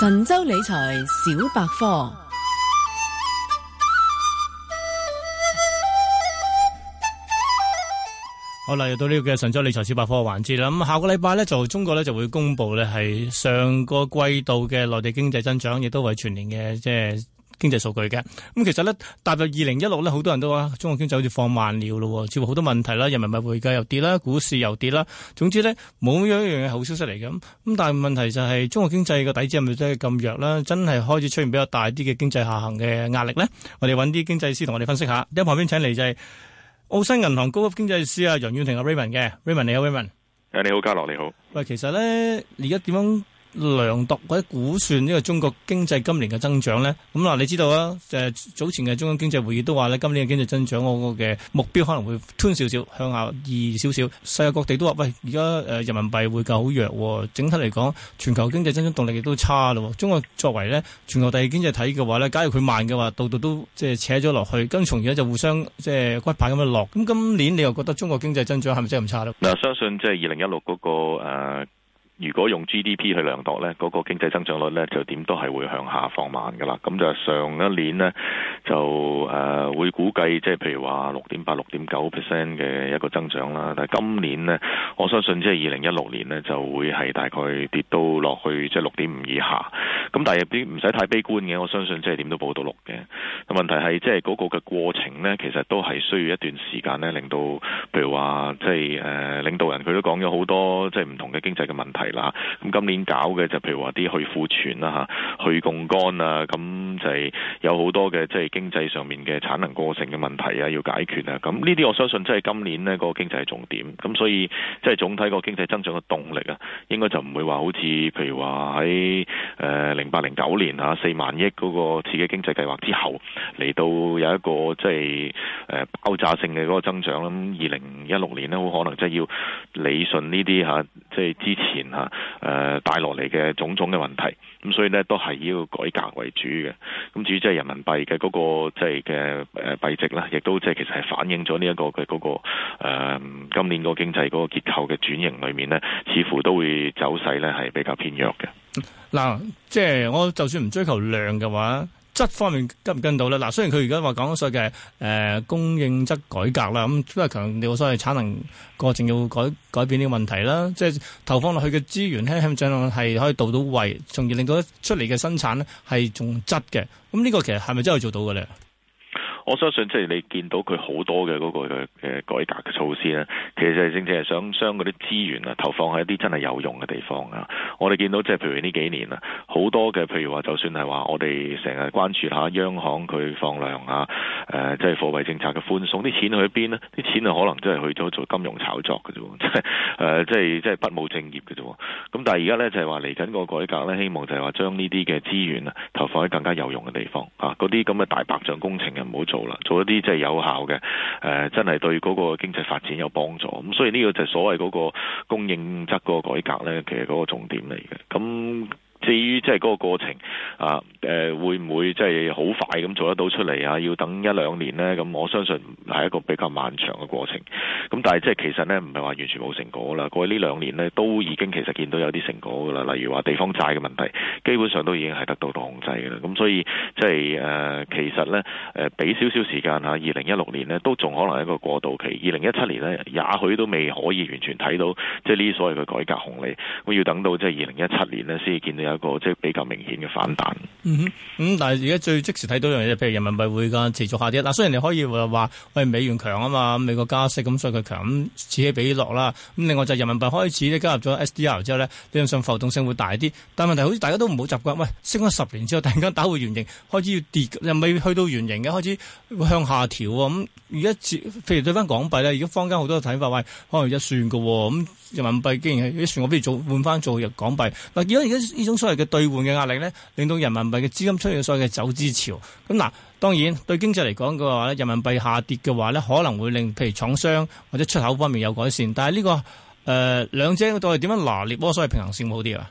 神州理財小百科，好啦，又到呢個嘅神州理財小百科嘅環節啦。咁、嗯、下個禮拜咧就中國咧就會公布咧係上個季度嘅內地經濟增長，亦都係全年嘅即係。就是經濟數據嘅咁，其實咧踏入二零一六咧，好多人都話中國經濟好似放慢了咯，似乎好多問題啦，人民幣匯價又跌啦，股市又跌啦，總之咧冇有一樣嘢好消息嚟嘅。咁咁，但係問題就係中國經濟個底子係咪真係咁弱啦？真係開始出現比較大啲嘅經濟下行嘅壓力咧？我哋揾啲經濟師同我哋分析下。咁旁邊請嚟就係澳新銀行高級經濟師啊楊宇霆阿 Raymond 嘅 Raymond，你好，Raymond。誒你好，嘉樂你好。喂，其實咧而家點樣？量度或者估算呢個中國經濟今年嘅增長咧，咁、嗯、嗱、啊，你知道啦、啊，就係、早前嘅中央經濟會議都話咧，今年嘅經濟增長我個嘅目標可能會吞少少向下移少少。世界各地都話，喂，而家誒人民幣會夠好弱、哦，整體嚟講，全球經濟增長動力亦都差咯、哦。中國作為咧全球第二經濟體嘅話咧，假如佢慢嘅話，度度都即係扯咗落去，跟從而家就互相即係、呃、骨牌咁樣落。咁、嗯、今年你又覺得中國經濟增長係咪真係唔差咧？嗱、嗯，相信即係二零一六嗰個誒。啊如果用 GDP 去量度咧，嗰、那個經濟增長率咧就點都係會向下放慢噶啦。咁就上一年咧就誒、呃、會估計即係譬如話六點八、六點九 percent 嘅一個增長啦。但係今年咧，我相信即係二零一六年咧就會係大概跌到落去即係六點五以下。咁但係係並唔使太悲觀嘅，我相信即係點都保到六嘅。問題係即係嗰個嘅過程咧，其實都係需要一段時間咧，令到譬如話即係誒、呃、領導人佢都講咗好多即係唔同嘅經濟嘅問題。嗱，咁今年搞嘅就譬如話啲去庫存啊、吓去槓桿啊，咁就係有好多嘅即係經濟上面嘅產能過剩嘅問題啊，要解決啊，咁呢啲我相信即係今年呢、呢個經濟係重點，咁所以即係、就是、總體個經濟增長嘅動力、呃、8, 啊，應該就唔會話好似譬如話喺誒零八零九年啊四萬億嗰個刺激經濟計劃之後嚟到有一個即係誒爆炸性嘅嗰個增長啦，咁二零一六年呢，好可能即係要理順呢啲吓，即、啊、係、就是、之前啊！誒、呃、帶落嚟嘅種種嘅問題，咁所以咧都係要改革為主嘅。咁至於即係人民幣嘅嗰、那個即係嘅誒幣值咧，亦都即係其實係反映咗呢一個佢嗰、那個、呃、今年個經濟嗰個結構嘅轉型裏面咧，似乎都會走勢咧係比較偏弱嘅。嗱，即、就、係、是、我就算唔追求量嘅話，質方面跟唔跟到咧？嗱，雖然佢而家話講咗所謂嘅誒、呃、供應質改革啦，咁都係強調所謂產能過剩要改改變呢個問題啦，即係投放落去嘅資源輕輕重量係可以到到位，從而令到出嚟嘅生產咧係仲質嘅。咁、嗯、呢、這個其實係咪真係做到嘅咧？我相信即係你見到佢好多嘅嗰個嘅改革嘅措施咧，其實係正正係想將嗰啲資源啊投放喺一啲真係有用嘅地方啊！我哋見到即係譬如呢幾年啊，好多嘅譬如話，就算係話我哋成日關注下央行佢放量啊，誒、呃，即係貨幣政策嘅寬鬆，啲錢去邊呢？啲錢可能真係去咗做金融炒作嘅啫，誒，即係、呃、即係不務正業嘅啫。咁但係而家咧就係話嚟緊個改革咧，希望就係話將呢啲嘅資源啊投放喺更加有用嘅地方啊，嗰啲咁嘅大白象工程又唔好做。做一啲即係有效嘅，誒、呃，真係對嗰個經濟發展有幫助。咁所以呢個就係所謂嗰個供應側嗰個改革咧，其實嗰個重點嚟嘅。咁至於即係嗰個過程啊，誒、呃、會唔會即係好快咁做得到出嚟啊？要等一兩年呢，咁、啊、我相信係一個比較漫長嘅過程。咁、啊、但係即係其實呢，唔係話完全冇成果啦。過去呢兩年呢，都已經其實見到有啲成果㗎啦。例如話地方債嘅問題，基本上都已經係得到控制㗎啦。咁、啊、所以即係誒，其實呢，誒、呃，畀少少時間嚇，二零一六年呢，都仲可能係一個過渡期。二零一七年呢，也許都未可以完全睇到即係呢啲所謂嘅改革紅利。咁要等到即係二零一七年呢，先至見到。一個即係比較明顯嘅反彈。咁、嗯嗯、但係而家最即時睇到樣嘢，譬如人民幣會噶持續下跌。嗱，雖然你可以話，喂美元強啊嘛，美國加息咁所以佢強，咁此起彼落啦。咁另外就人民幣開始加入咗 SDR 之後咧，理論上浮動性會大啲。但係問題好似大家都唔好習慣，喂升咗十年之後突然間打回原形，開始要跌，又未去到原形嘅開始向下調。咁而家，譬如對翻港幣咧，而家坊間好多睇法喂，可能一算嘅，咁、嗯、人民幣竟然係一算，我不如做換翻做入港幣。嗱，如果而家呢種。所謂嘅兌換嘅壓力咧，令到人民幣嘅資金出現所謂嘅走資潮。咁、嗯、嗱，當然對經濟嚟講嘅話咧，人民幣下跌嘅話咧，可能會令譬如廠商或者出口方面有改善。但係呢、這個誒，兩者，到底點樣拿捏波所謂平衡線好啲啊？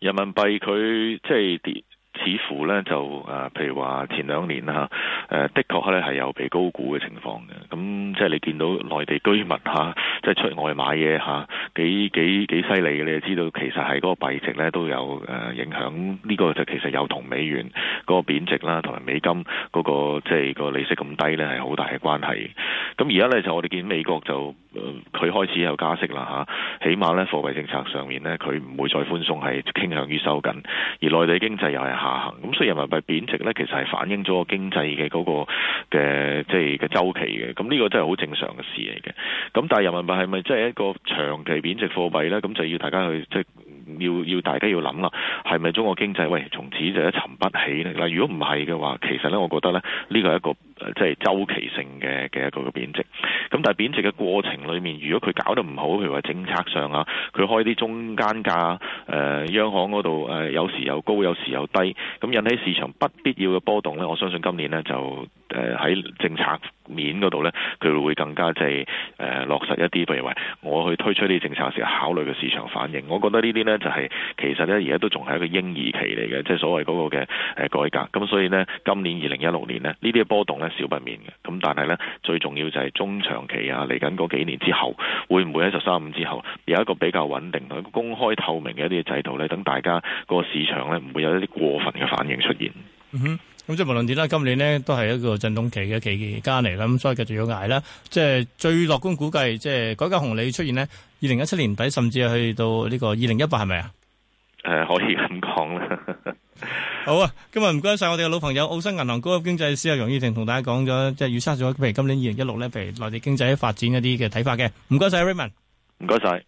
人民幣佢即係。似乎咧就誒、呃，譬如話前兩年啦，誒、啊，的確咧係有被高估嘅情況嘅。咁即係你見到內地居民嚇、啊，即係出外買嘢嚇、啊，幾幾幾犀利嘅。你就知道其實係嗰個幣值咧都有誒影響。呢、這個就其實有同美元個貶值啦，同、啊、埋美金嗰、那個即係、就是、個利息咁低咧，係好大嘅關係。咁而家咧就我哋見美國就。佢開始有加息啦嚇，起碼咧貨幣政策上面咧佢唔會再寬鬆，係傾向於收緊。而內地經濟又係下行，咁所以人民幣貶值咧，其實係反映咗個經濟嘅嗰個嘅即係嘅周期嘅。咁呢個真係好正常嘅事嚟嘅。咁但係人民幣係咪真係一個長期貶值貨幣咧？咁就要大家去即係要要大家要諗啦，係咪中國經濟喂從此就一沉不起咧？嗱，如果唔係嘅話，其實咧我覺得咧呢個係一個。即係周期性嘅嘅一個嘅貶值，咁但係貶值嘅過程裏面，如果佢搞得唔好，譬如話政策上啊，佢開啲中間價，誒、呃、央行嗰度誒有時又高有時又低，咁引起市場不必要嘅波動呢。我相信今年呢就。誒喺政策面嗰度呢，佢會更加即係誒落實一啲，譬如話我去推出呢啲政策時考慮嘅市場反應。我覺得呢啲呢，就係其實呢，而家都仲係一個嬰兒期嚟嘅，即係所謂嗰個嘅誒改革。咁所以呢，今年二零一六年呢，呢啲嘅波動呢少不免嘅。咁但係呢，最重要就係中長期啊，嚟緊嗰幾年之後，會唔會喺十三五之後有一個比較穩定同公開透明嘅一啲制度呢？等大家個市場呢，唔會有一啲過分嘅反應出現。嗯哼。咁即係無論點啦，今年呢都係一個震盪期嘅期間嚟啦，咁所以繼續要挨啦。即係最樂觀估計，即係改革紅利出現呢，二零一七年底甚至係去到呢個二零一八係咪啊？誒、呃，可以咁講啦。 好啊，今日唔該晒我哋嘅老朋友澳新銀行高級經濟師阿楊宇霆，同大家講咗即係預測咗，譬如今年二零一六咧，譬如內地經濟嘅發展一啲嘅睇法嘅。唔該晒 Raymond，唔該晒。